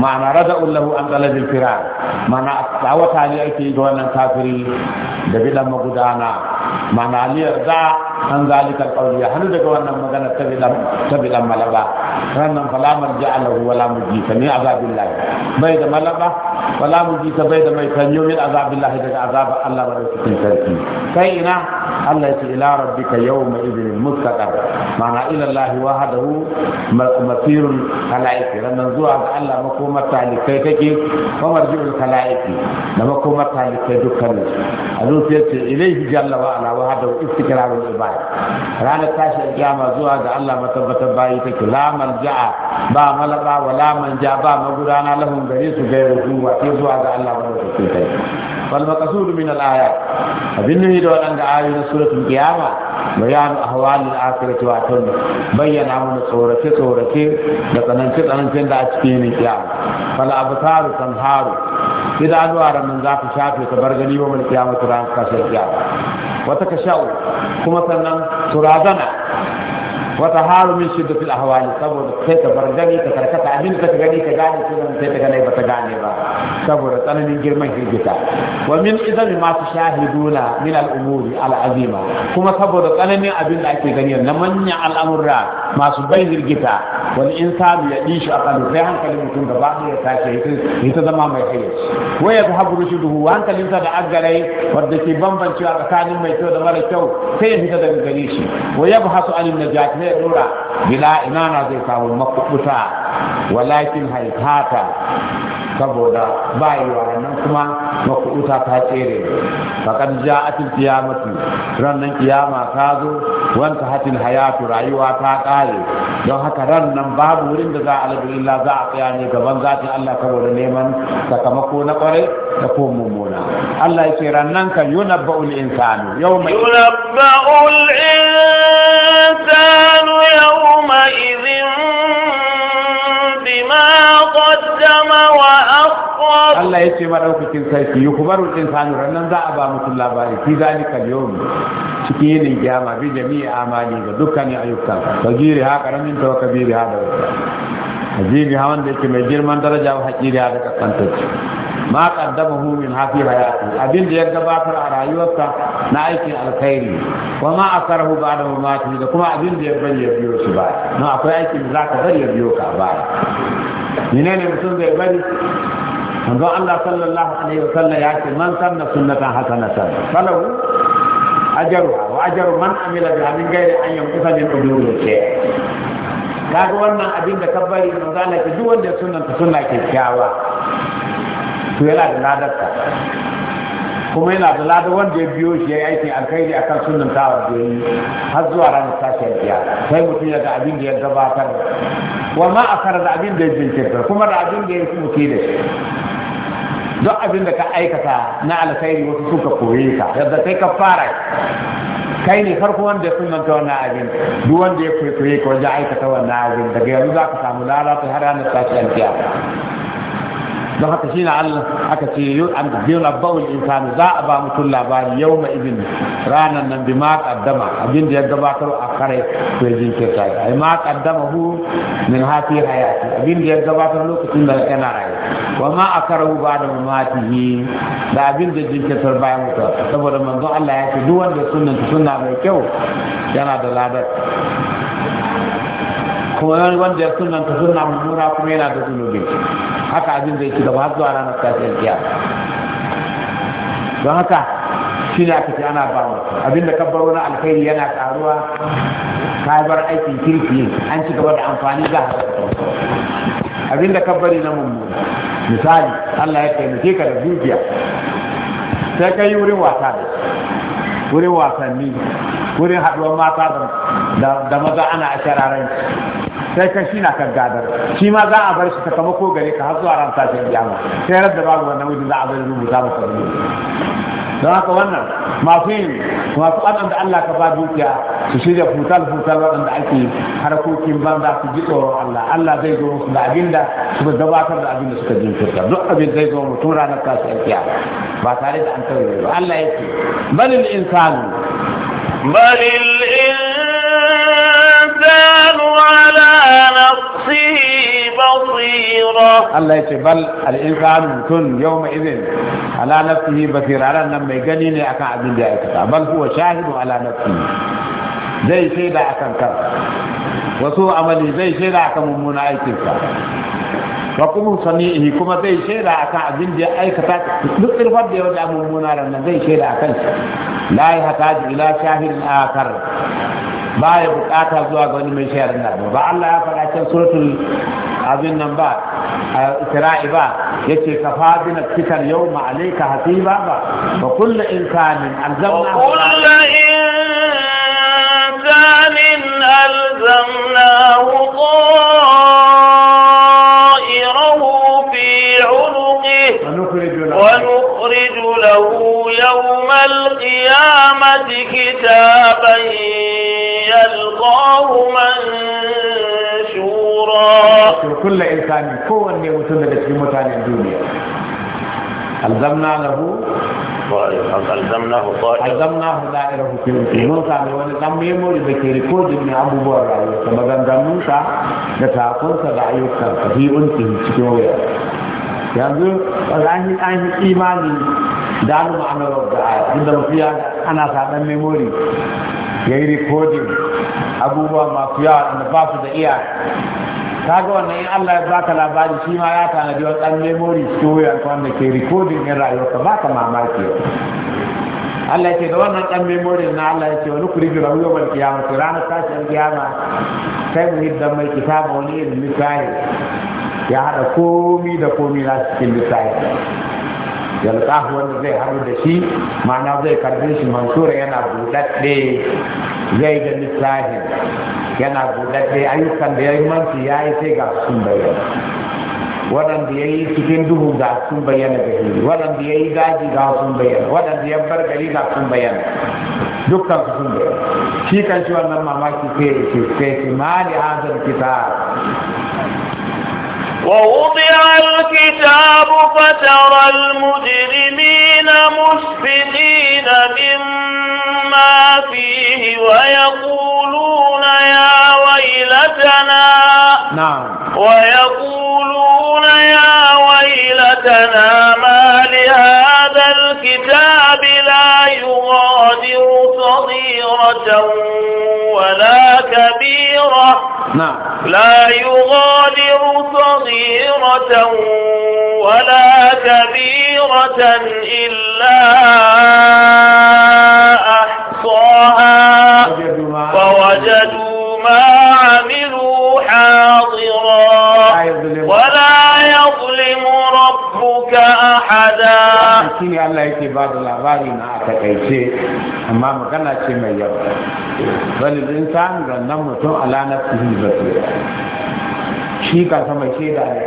ma'ana rada'u lahu an talabil firar Ma'ana a wata ne ake yi ga wannan kafiri alƙawli da bidan magudana mana aliyar da an zalika alƙawli ya hannu daga wannan magana ta bidan malaba rannan falamar ja'alahu wala mujita azabin azabillahi bai da malaba wala mujita bai da mai tanyo min azabillahi daga azabar Allah cikin sarki kai ina Allah ya ce ila rabbika yawma idhin mustaqar mana ila Allah wahdahu masirul khalaiq rannan zuwa ga Allah makomar talikai take kamar jibril khalaiq da makomar talikai dukkan azu sai ce ilaihi jalla wa ala wahda wa istiqrarul ibad ranar tashi kiyama zuwa ga Allah matabbatar bayi take la malja'a ba malaba wa la manja ba magudana lahum gare su gairu su wa zuwa ga Allah matabbatar kai fal maqsud min al aya abin ne da wannan da ayoyin suratul qiyama bayan ahwalul akhirati wa tun bayyana mana tsorace tsorace da tsananci tsanancin da a cikin kiyama fal abtaru tanharu idanuwa da mun za ku shafe ta bargani gani wa yawon kiyama turan kashin kiyama wata ka sha'u kuma sannan turazana wata haru min shidda fil ahwali saboda sai ta bar gani ta karkata abin ta gani ka gane sunan sai ta gane bata gane ba saboda tsananin girman girgita wa min izami ma su shahiduna min al'umuri al'azima kuma saboda tsananin abin da ake gani na manyan masu bai girgita wani insanu ya dishi a kanu sai hankalin mutum ba ɗaya ya tashi ya ta zama mai hayyaci waya ta habu rushiduhu hankalinsa da agarai wadda ke bambancewa tsakanin mai kyau da mara kyau sai ya fita daga gare shi wa yabhasu na najati zai rura bila ina na zai samu makubuta walakin haifata saboda ba yi wa nan kuma makubuta ta tsere fakan ja atil kiyamatu nan kiyama ta zo wanta hatin hayatu rayuwa ta kare don haka ran nan babu wurin da za alhamdulillah za a tsaya ne gaban zatin Allah saboda neman sakamako na kwarai da ko mummuna Allah yake nan kan yunabba'ul insanu yawma yunabba'ul insanu qaddama wa akhar Allah yace madaukakin sarki yukbarul insanu ranan za a ba mutum labari fi zalika al-yawm cikin yinin kiyama bi jami'i amali ga dukkanin ayyukan sajiri ha karamin ta kabiri ha da ajiri ha wanda yake mai girman daraja wa hakiri ha da kasantacce ma qaddamahu min hafi hayati abin da ya gabatar a rayuwarsa na aikin alkhairi wa ma akarahu ba'da mamati da kuma abin da ya bayyana biyo shi ba na akwai aikin da zaka bari ya biyo ka ba ne mutum zai bari manzon Allah sallallahu alaihi wa sallam ya ce man sanna sunnatan hasanatan falahu wa ajru man amila biha min ghairi an yanqusa min ujuri kaga wannan abin da ka bari Allah ke duk wanda sunnanta sunna kyakkyawa to yana da ladarka kuma yana da ladu wanda ya biyo shi ya yi aikin alkhairi a kan sunan tawar da yi har zuwa ranar tashiyar biya sai mutum ya ga abin da ya gabatar wa ma a kara da abin da ya jinkirta kuma da abin da ya fi mutu da shi duk abin da ka aikata na alkhairi wasu suka koye ka yadda sai ka fara kai ne farko wanda ya sunanta wannan abin duk wanda ya kwaikwaye ka wajen aikata wannan abin daga yanzu za ka samu lalata har ranar tashiyar biya don haka shi na Allah aka ce yau da biyu labbawul insani za a ba mutum labari yau ma ranar nan bi ma kaddama abin da ya gabatar a kare to jinkirta ma kaddama hu min hafi hayati abin da ya gabatar lokacin da yana rayu wa ma ba da da abin da bayan mutuwa saboda manzon Allah ya ce duk wanda sunanta sunna mai kyau yana da ladar kuma wani wanda ya sunan ta sunna mummuna kuma yana da zunubi haka abin zai ci gaba har zuwa ranar tafiyar kiyama don haka shi ne aka ce ana ba mu abinda kabbar na alkhairi yana karuwa kabar aikin kirki an ci gaba da amfani za a abinda kabbari na mummuna misali Allah ya taimake ka da dukiya sai ka yi wurin wasa da wurin wasanni wurin haɗuwar mata da maza ana a shararen sai kan shi na kan gadar shi ma za a bar shi sakamako gare ka har zuwa ran sashen kiyama sai da babu wannan wajen za a bar rubuta masa rubuta don haka wannan masu yin masu da Allah ka ba dukiya su shirya futal-futal waɗanda ake harkokin banza su ji tsoron Allah Allah zai zo musu da abin da suka gabatar da abin da suka jinkirta duk abin zai zo mutum ranar su alkiya ba tare da an tauye ba Allah ya ce balil insanu balil insanu ala nafsihi basira Allah yace bal al insanu kun yawma idin ala nafsihi basira ran nan mai gani ne akan abin da ya aikata bal huwa shahidu ala nafsihi zai shaida akan kansa wasu amali zai shaida akan mummuna aikinsa wa kuma sani'ihi kuma zai shaida akan abin da ya aikata duk irfar da ya wada mummuna ranar zai shaida akan shi la ya hata ji ila shahidin akar ba ya bukata zuwa ga wani mai shahidin nan ba Allah ya faɗa cikin suratul abin nan ba isra'i ba yace ka fa bina fitar yau ma alayka hasiba ba wa kullu insanin alzamna kullu insanin alzamnahu ونخرج له يوم القيامة كتابا يلقاه منشورا كل إنسان كون يمتن في متان الدنيا ألزمنا له ألزمناه طائره ألزمناه دائره في موسى wani dan memori da ke rikodin ne abubuwan rayuwa maganganunsa da takonsa da ayyukansa fi yanzu an yi imani da hannu ma'anar da aya inda mafiya ana saɗan memori ya yi rikodin abubuwa masu yawa da ba su da iya kaga wannan in Allah ya baka labari shi ma ya tanadi wani ɗan memori stoyan wanda ke rikodin in rayuwa ba ka mamaki Allah ya ce da wannan ɗan memori na Allah ya ce wani kuri jira huyo wani kiyama ce ranar tashin kiyama sai mu hidda mai kitaba wani irin misali ya haɗa komi da komi na cikin littafi yalqahu wanda zai haɗu da shi ma'ana zai karbe shi mansura yana buɗaɗɗe zai ga lissafi yana buɗaɗɗe ayyukan da ya yi mansu ya yi sai ga sun bayyana waɗanda ya yi cikin duhu ga sun bayyana ga hili waɗanda ya yi gaji ga sun bayyana waɗanda ya bar gari ga sun bayyana dukkan su sun bayyana shi kan shi wannan mamaki sai ya ce sai ma da hazar kitab ووضع الكتاب فترى المجرمين مسبقين مما فيه ويقولون يا ويلتنا نعم ويقولون يا ويلتنا ما لهذا الكتاب لا يغادر صغيرة ولا كبيرة نعم. لا يغادر صغيرة ولا كبيرة إلا أحصاها فوجدوا ما shi ne Allah yake ba da labari na a takaice amma magana ce mai yawa Wani insan ga nan mutum ala nafsihi basira shi ka sama shaida ne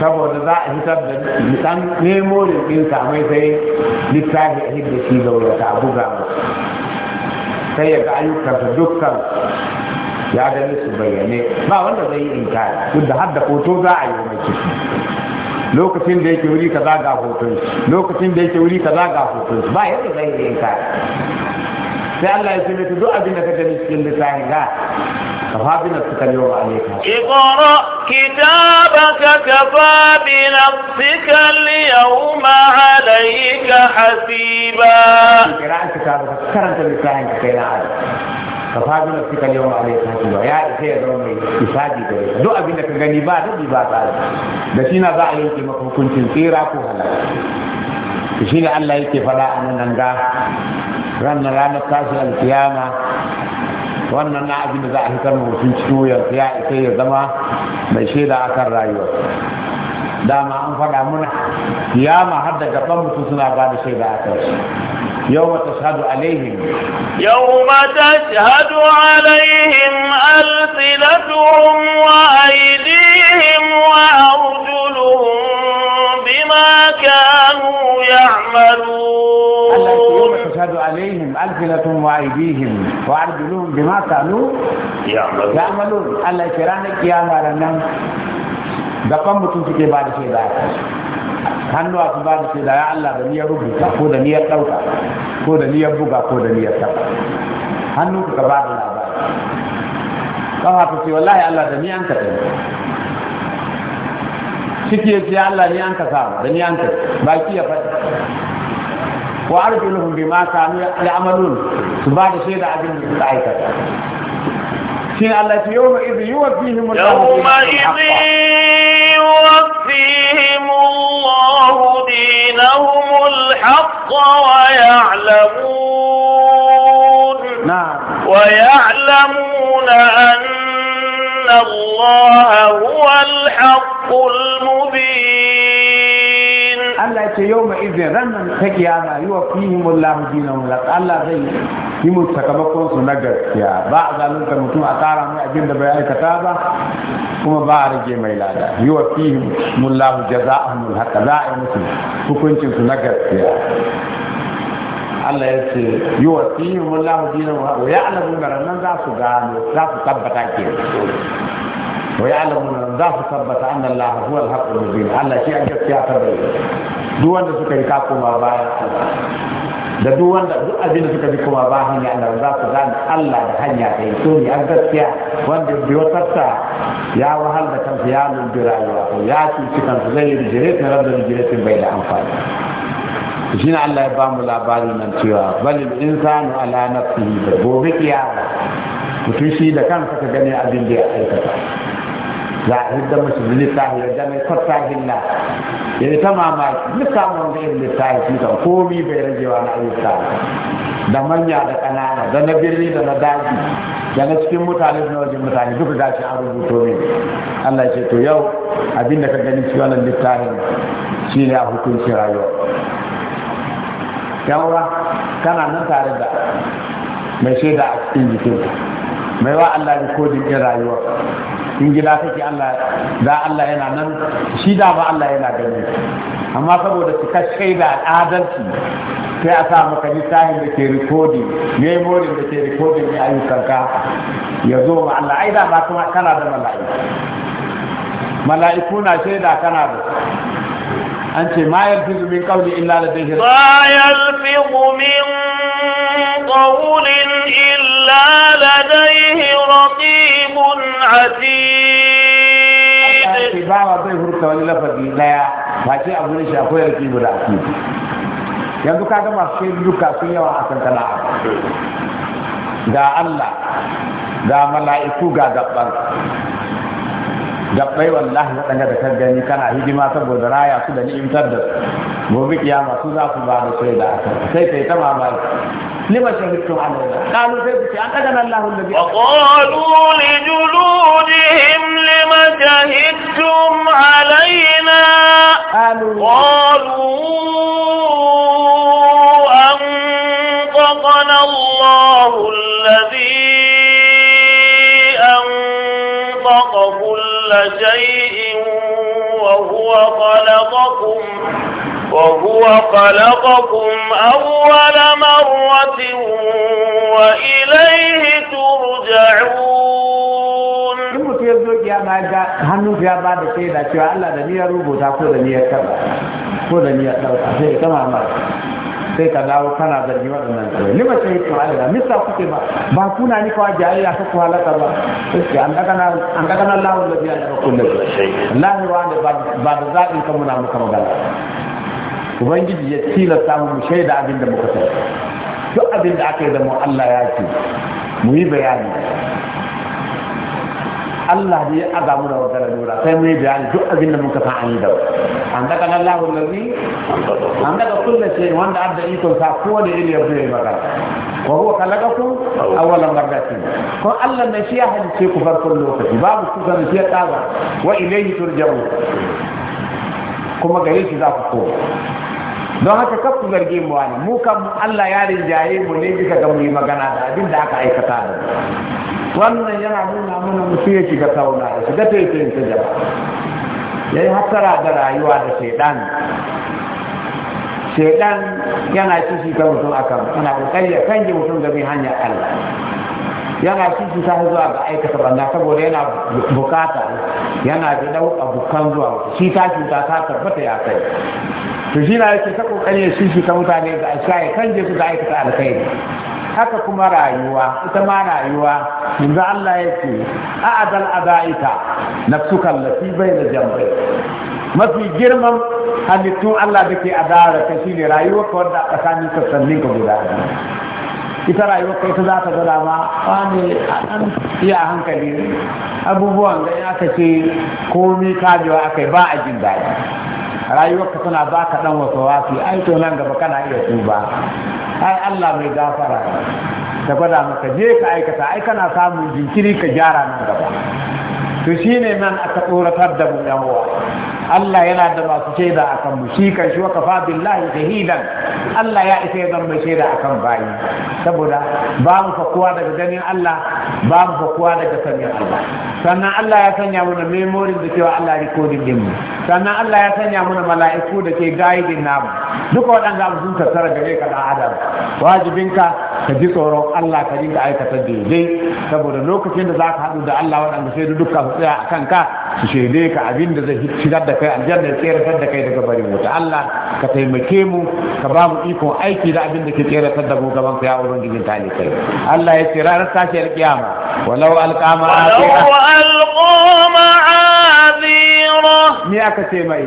saboda za a hitar da dan nemo da din samai sai littafi a hidda shi da wata buga sai ya ga ayyukansa dukkan ya gani su bayyane ba wanda zai yi inkari duk da har da hoto za a yi ma ciki lokacin da yake wuri kaza ga hoton lokacin da yake wuri kaza ga hoton ba yadda zai yi ka sai Allah ya ce mata duk abin da ka gani cikin littafin ga كفى بنفسك اليوم عليك اقرأ كتابك كفى بنفسك اليوم عليك حسيبا قراءة كتابك كرمت لسانك كي لا ka fadi na suka yau a rai kashi ya isa ya zama mai isaji da rai duk abin da ka gani ba daɗi ba tsari da shi na za a yanke maka hukuncin tsira ko halaka shi ne Allah yake faɗa a nan ga ranar ranar tashin alkiyama wannan na abin da za a hitar mutum cikin wuyansa ya isa ya zama mai shaida akan rayuwarsa dama an faɗa muna يا ما da gaban mutum بعد ba da يوم تشهد عليهم يوم تشهد عليهم ألسنتهم وأيديهم وأرجلهم بما كانوا يعملون يوم تشهد عليهم ألسنتهم وأيديهم وأرجلهم بما كانوا يعملون يعملون الله يكرهك يا مرنم gaban mutum suke ba da shaida hannuwa su ba da shaida ya Allah da niyyar rubuta ko da niyyar ɗauka ko da niyyar buga ko da niyyar taɓa hannu ka ba da labari kafa ta ce wallahi Allah da ni an ka tsaye ciki ya ce Allah ni an ka samu da ni an ka baki ya faɗi wa arjuluhum bima kanu ya'malun su ba da shaida abin da suka aikata shi Allah ya ce yawma idh yuwaffihim Allahu yawma idh يوفيهم الله دينهم الحق ويعلمون نعم ويعلمون أن الله هو الحق المبين Allah ce yau ma izin ranar ta kiyama yi wa fihim Allah dinan mulak Allah zai yi mu sakamakon su na gaskiya ba a zalunta mutum a tsara mai abin da bai aikata ba kuma ba a rage mai lada yi wa fihim mullahu jaza'ahum haka za a yi musu hukuncin su na gaskiya Allah ya ce yi wa fihim mullahu dinan mulak ya alamu ranar za su gano za su tabbata ke ويعلمون ذا ثبت أن الله هو الحق المبين الله شيء أجل فيها تبين دوان ده سكري كاكو ما بايا da duk wanda duk abin da suka ji kuma ba hanya Allah za su gane Allah da hanya ta yi tuni an gaskiya wanda biyo tafsa ya wahal da kansa ya lumbi rayuwa ko ya ci ci kansa zai yi ta rabin rijiretin bai da amfani shi ne Allah ya ba mu labarin nan cewa balil insanu ala nafsihi da gobe kiyama mutum shi da kansa ka gani abin da ya aikata za a hidda musu da littafi ya jami tattafin ya yi ta mamaki duk samun da yin littafi ta komi bai ragewa na ayyuka da manya da ƙanana da na birni da na daji da na cikin mutane da wajen mutane duka gashi an rubuto min Allah ce to yau abin da ka gani cikin wannan littafin ne a hukuncin rayuwa yawa kana nan tare da mai shaida a cikin jikinka mai wa Allah kodin ɗin rayuwa in gida kake Allah da Allah yana nan shi da ba Allah yana gani amma saboda cika shaida adalci sai a sa maka littafin da ke rikodi memorin da ke rikodin ne ayyukanka ya zo ma Allah ai da ba kuma kana da mala'iku mala'iku na shaida kana da an ce ma yalfizu min qawli illa ladayhi ma yalfizu min qawlin illa ladayhi raqibun atid ce bawa zai hurta wani lafazi daya ba ce abu ne shi akwai rake guda a yanzu kaga masu shaidu duka sun yawa a kankana. sana'a ga Allah ga mala'iku ga gaban gabbai wallahi danga da kan gani kana hidima saboda raya su da ni'imtar da gobe kiyama su za su ba da sai da aka sai kai ta mamaki لما شهدتم على an قالوا Allahu أتدنا الله الذي وقالوا لجلودهم لما alaina qalu qalu an qana Allahu alladhi خلق كل شيء وهو خلقكم وهو خلقكم أول مرة وإليه ترجعون كم تيبدو يا مالك هنو في عباد السيدة شو الله دنيا روبو تاكو دنيا كبا كو دنيا كبا كما عمرك sai ka dawo kana zargi waɗannan kawai lima ce yake da mista kuke ba ba kuna ni kawai jayayya ka ku halaka ba an daga na lahun da biya daga kullum lahi wa ne ba da zaɓin kan muna muka magana ubangiji ya tila tilasta mu shaida abin da muka sani duk abin da aka yi da mu Allah ya ce mu yi bayani Allah ne ya azamu da wata lura sai mu yi bayani duk abin da muka san an yi da wata an daga nan lahun lazi an daga kulle ce wanda an da sa kowane iri yanzu ya magana wa huwa kalakakum awwalan marratin ko Allah ne shi ya halice ku farkon lokaci babu su ga shi ya wa ilayhi turja'un kuma gare shi za ku koma don haka kaf ku zarge mu wani mu kan Allah ya rinjaye mu ne bisa ga mu yi magana da abin da aka aikata da wannan yana nuna mana mutum ya shiga shiga taitayin ta jama'a ya yi hasara da rayuwa da shaidan shaidan yana kishi ta mutum akan yana kokari ya kange mutum da bin hanyar Allah yana kishi ta zuwa ga aikata banda saboda yana bukata yana da dauka bukan zuwa shi ta cuta ta tabbata ya kai to shi na yake ta kokari ya kishi ta mutane ga aisha ya kange su da aikata alkhairi haka kuma rayuwa ita ma rayuwa yanzu Allah ya ce a'adal adaita nafsuka bai da jambai mafi girman halittun Allah da ke adara ka ne rayuwa ka wanda a tsakanin sassanin ka guda ita rayuwa ka ita za ta zara ma ne a ɗan iya hankali abubuwan da aka ce komi kajewa aka ba a jin daɗi rayuwarka tana ka dan wasu wafi ai to nan gaba kana iya tuba ai Allah mai gafara ta gwada maka je ka aikata ai kana samun jinkiri ka gyara nan gaba to shine nan aka tsoratar da mu yan uwa Allah yana da masu shaida a kan shi kan shi wa kafa billahi shahidan Allah ya isa ya zama shaida a kan bayi saboda ba mu fakuwa daga ganin Allah ba mu fakuwa daga sanin Allah sannan Allah ya sanya mana memorin da cewa Allah rikodin din mu sannan Allah ya sanya mana mala'iku da ke gaidin namu duka waɗanda abu sun tattara gare ka ɗan adam wajibinka ka ji tsoron Allah ka dinga aikata daidai saboda lokacin da za ka haɗu da Allah waɗanda sai da duka su tsaya a kanka su shaide ka abin da zai shigar da kai aljanna ya tseratar da kai daga barin wuta Allah ka taimake mu ka ba mu ikon aiki da abin da ke tseratar da mu gaban ka ya ubangijin ta kai Allah ya ce ranar sashiyar alƙiyama walau alƙama aka ce mai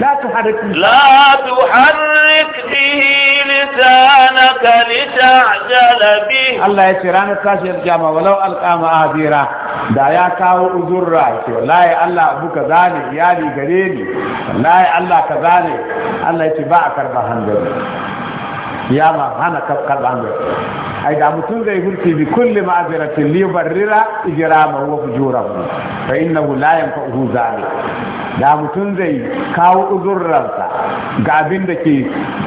لا تحرك لا تحرك به لسانك لتعجل به الله يسيران التاشي الجامعة ولو ألقى مآذيرا da ya kawo uzurra ce wallahi Allah abu ka zane iyali gare ni wallahi Allah ka zane Allah ya ce ba a karba hanzari ya ma hana kafkar amir ai da mutum zai hurti bi kulli ma'aziratin li barrira ijrama wa fujurahu fa innahu la da mutum zai kawo uzurransa ga abin da ke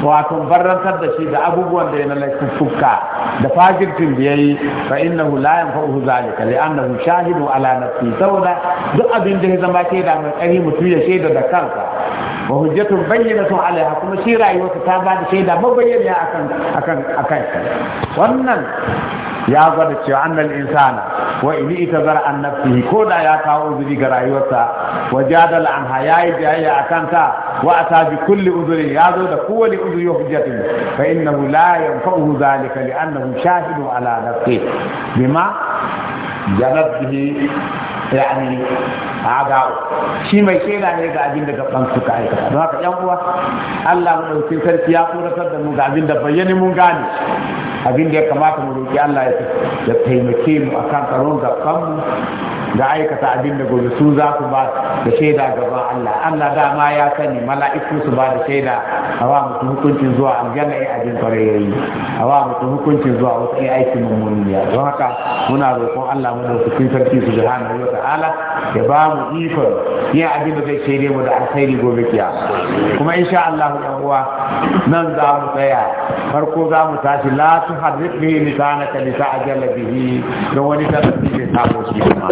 wato barrantar da shi da abubuwan da yana laifuffuka da fajirtin da yayi fa innahu la yanfa'uhu zalika li shahidu ala nafsi saboda duk abin da ya zama ke da mai ƙari mutum ya shaida da kansa wa hujjatun su alaiha kuma shi rayuwarsa ta ba da shaida mabayyana akan akan akan wannan ya gwada cewa annal insana wa in itazara an nafsihi ko da ya kawo uzuri ga rayuwarsa wa jadal anha yayi jayayya akan ta wa ata bi kulli uzuri ya zo da kowani uzuri wa hujjatin fa innahu la yanfa'uhu zalika li'annahu shahidu ala nafsihi bima janat bihi yani adawu shi mai shaida ne ga abin da gaban suka aikata don haka yan uwa Allah mu dauke sarki ya kuratar da mu ga abin da bayyane mun gane abin da ya kamata mu roki Allah ya taimake mu akan tsaron gaban mu da aikata abin da gobe su za su ba da shaida gaban Allah Allah dama ya sani mala'iku su ba da shaida wa mutum hukuncin zuwa aljanna ya abin kwarai A wa mutum hukuncin zuwa wasu ya aikin mummuniya don haka muna roƙon Allah mu da su sarki hana wa ta'ala ya ba mu ikon yin abin da zai shaide mu da alkhairi gobe kiya kuma in sha Allah mu uwa nan za mu tsaya farko za mu tashi la tuharrik bihi lisanaka lita'jala bihi don wani darasi ta samu shi kuma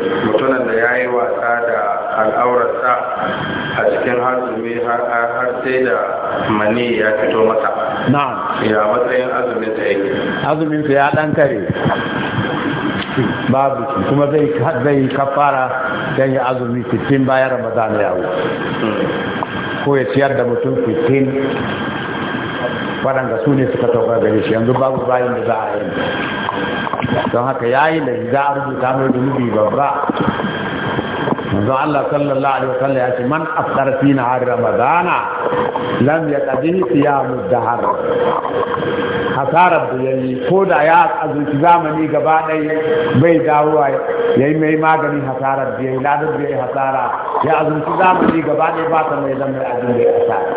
a cikin azumi har sai da mani ya fito mata na'am ya matsayin azumin sa yake azumin sa ya dan kare babu kuma zai zai kafara dan ya azumi 60 bayan ramadan ya wu ko ya ciyar da mutum 15 waɗanda su ne suka tauka gare shi yanzu babu bayan da za a yi don haka ya yi da za a rubuta mai zunubi babba الله صلى الله عليه وسلم من أفطر في نهار رمضان لم يقضيه صيام الدهر خسارة يعني كود آيات أزل كزام أني قبان أي بي داوا يعني مي ما قني خسارة دي لا دب يا أزل كزام أني قبان أي باتا مي دم أزل دي خسارة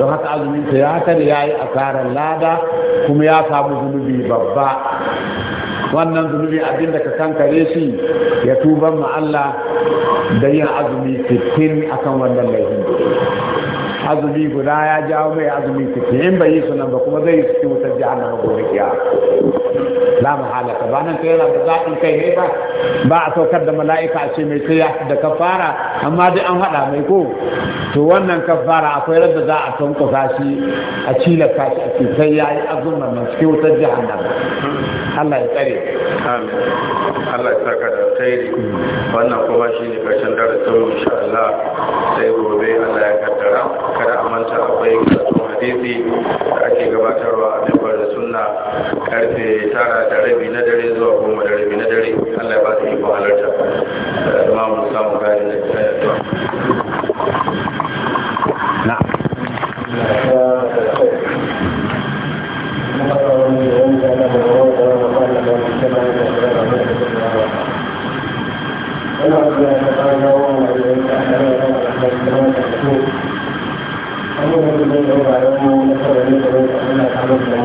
لو هات أزل من سياتر يا أي أسارة كم يا صابو زنو ببا wannan zunubi abin da ka kankare shi ya tuba ma Allah da yin azumi sittin akan wannan laifin azumi guda ya jawo mai azumi fitin in bai yi sunan ba kuma zai yi cikin wutar jihar na gobe la mahala ka ba nan kai yana da zaɓin kai ne ba ba a saukar da mala'ika a ce mai sai ya da kafara amma dai an haɗa mai ko to wannan kafara akwai radda za a tankwasa shi a cilaka shi a sai ya yi azumar nan cikin wutar jahannam Allah ya tsare Allah ya saka da alkhairi wannan kuma shi ne karshen darasin mu insha Allah sai gobe Allah ya kaddara kada a manta akwai hadisi ake gabatarwa a da sunna karfe tara da rabi na dare zuwa goma da rabi na dare allah ya ba su ikon halarta da mu samu gani da ta yadda Thank you. Thank you.